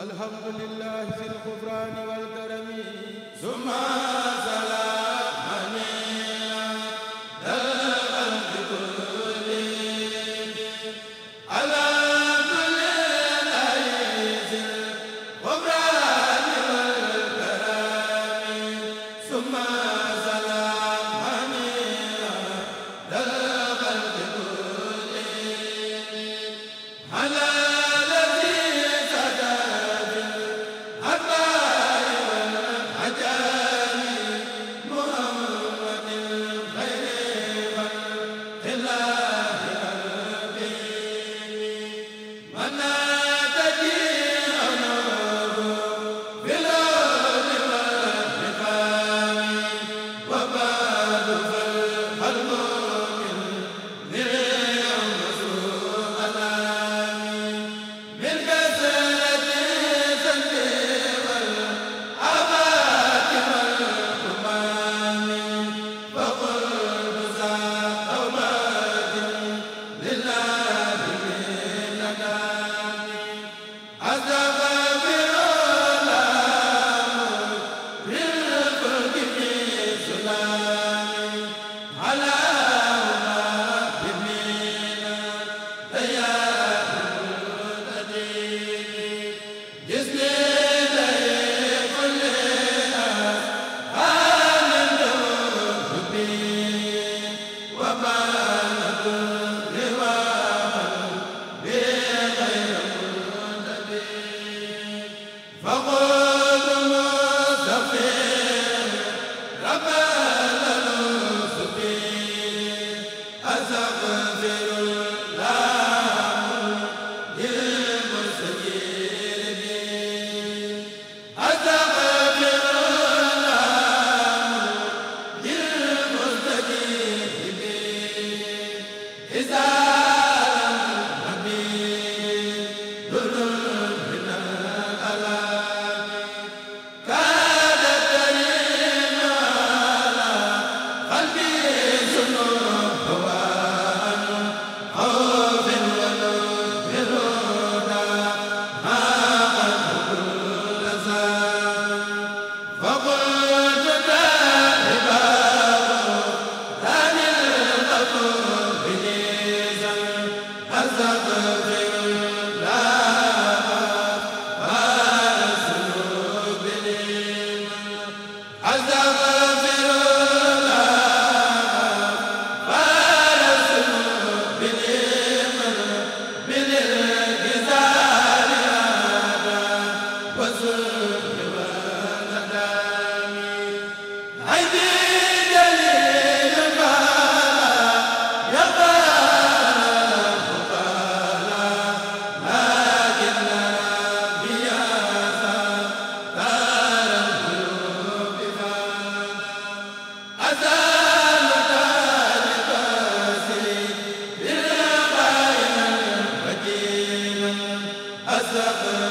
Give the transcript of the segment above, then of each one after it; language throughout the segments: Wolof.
alhamdulillah fil ghufrani wal karami astagfir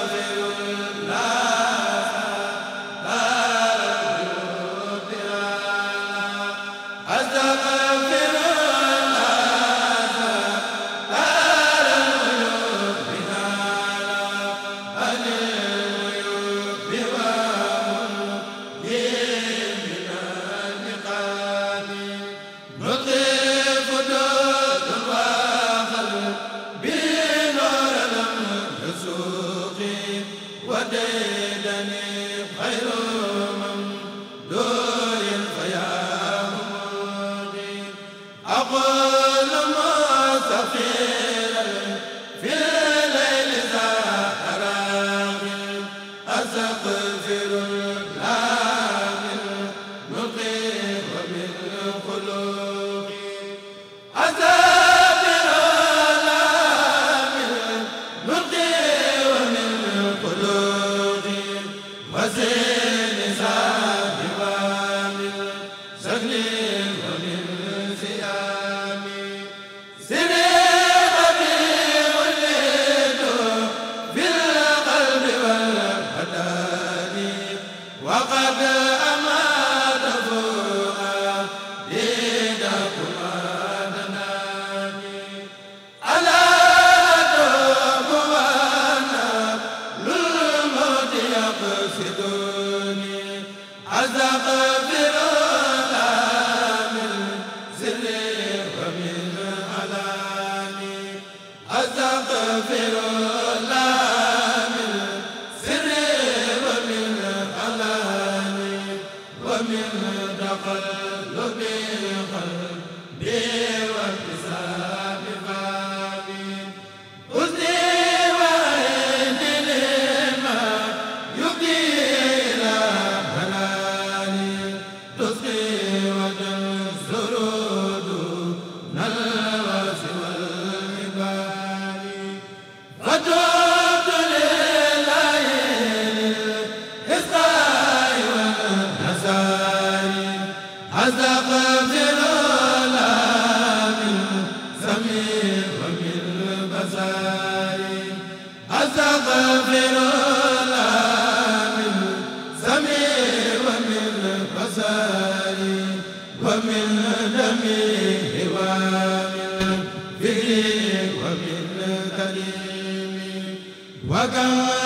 ومن دمه ومن فكره ومن كريمه وكان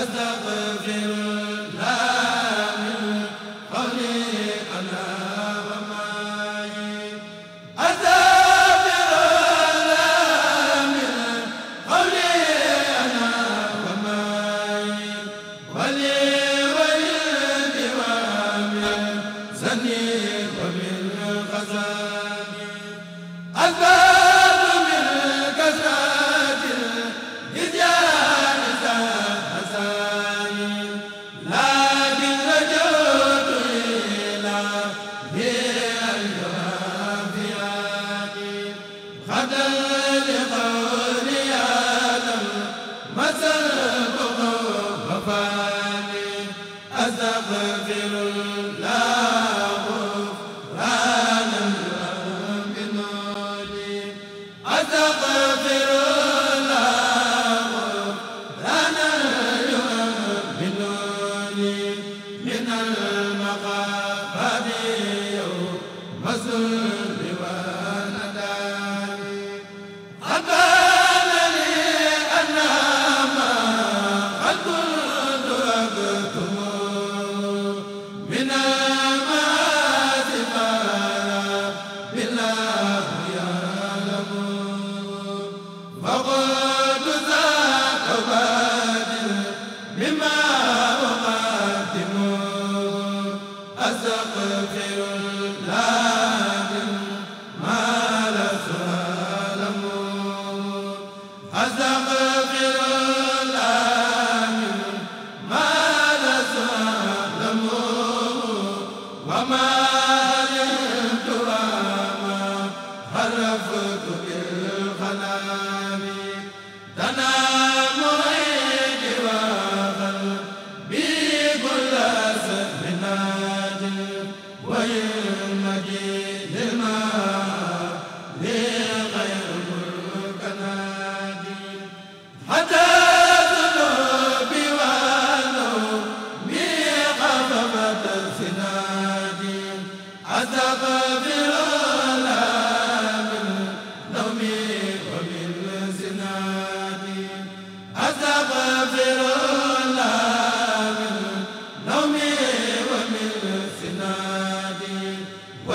Azza خير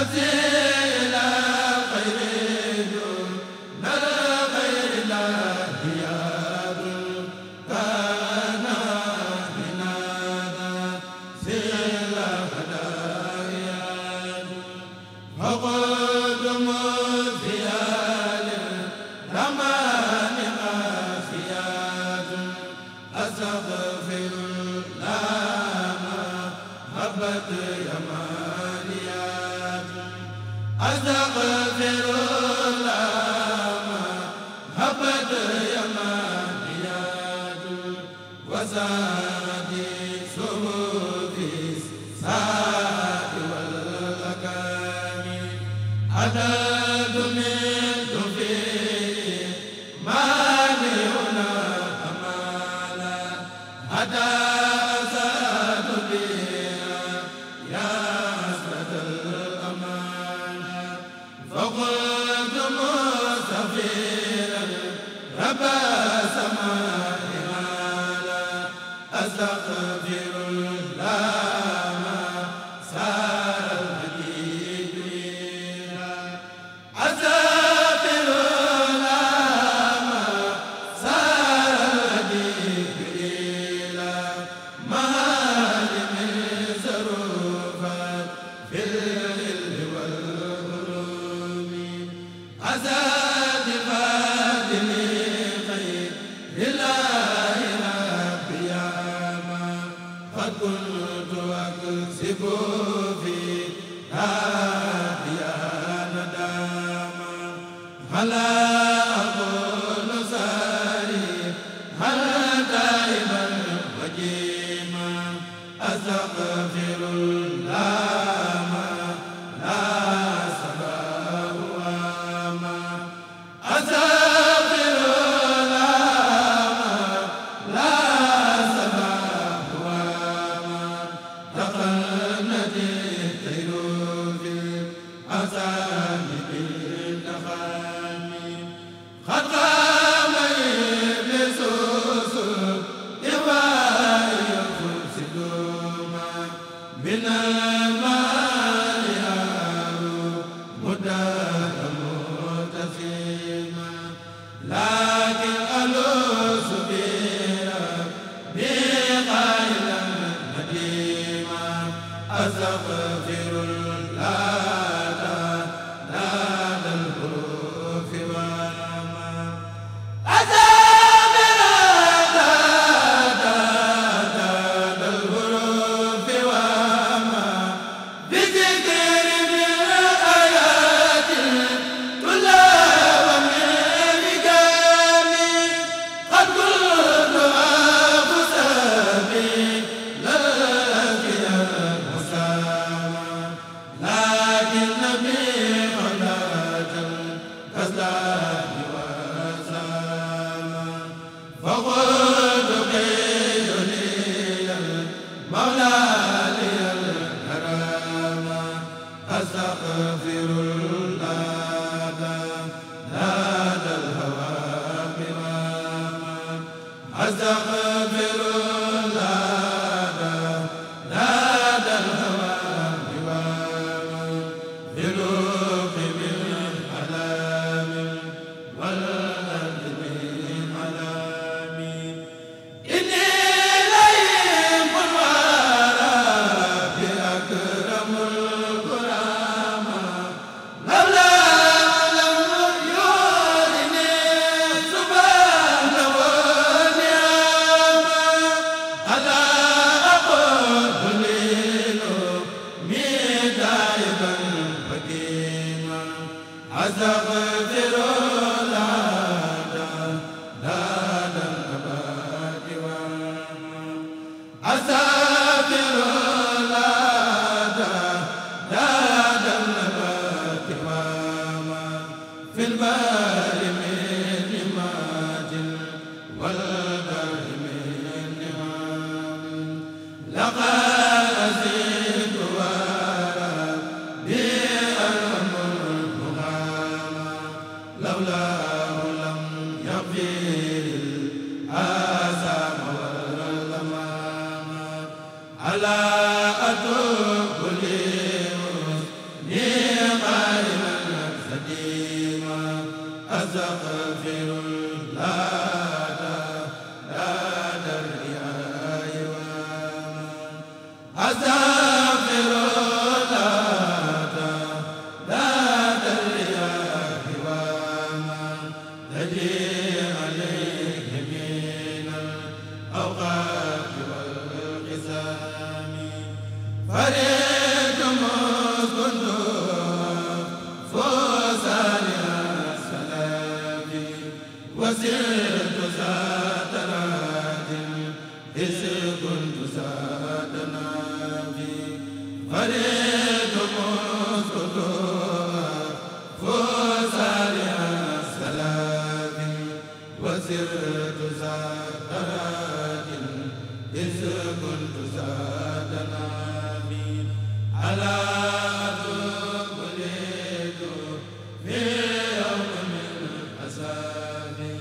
Aziz astaghfirullah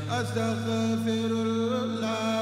astaghfirullah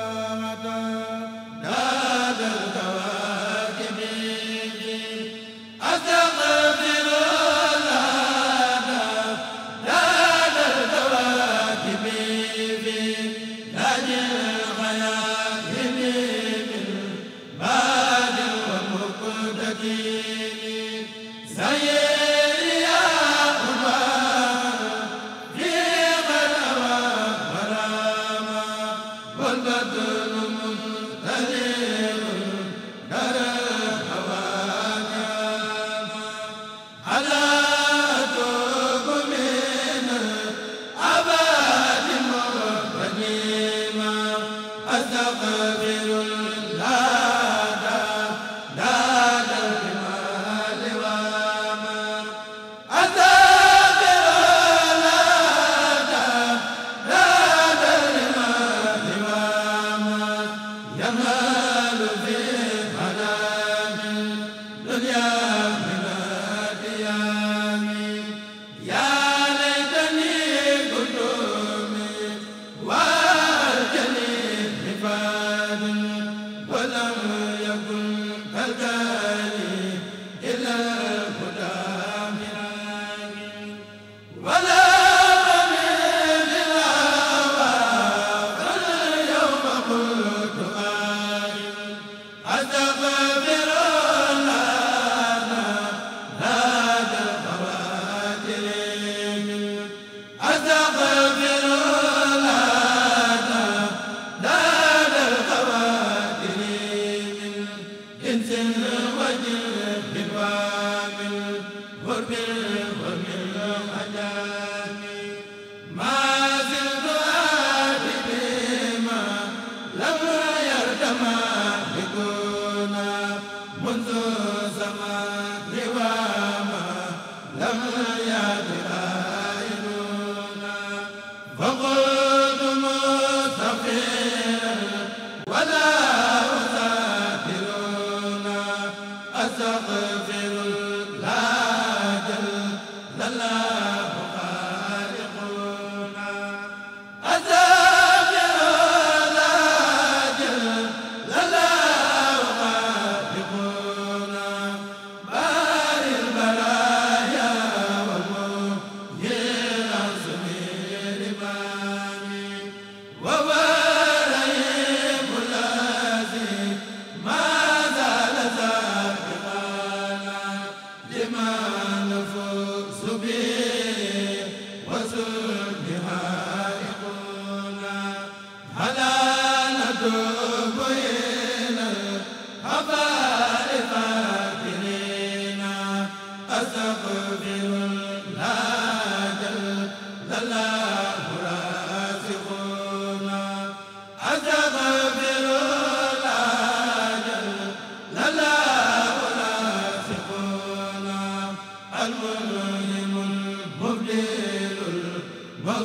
ma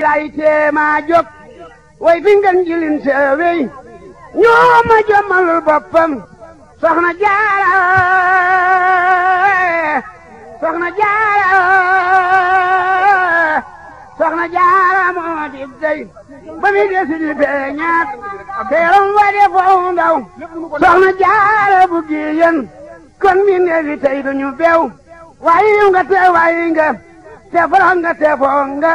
lay tee maa jóg way fi ngeen jilin seewey ñoo ma jommalul boppam soxna jaara soxna jaara soxna jaara moo di dey ba mi desi di feeñaat teeram wa de fow ndaw soxna jaara bu giyen kon mi neefi tey duñu bew waayi nga te waayi te forox nga te foog nga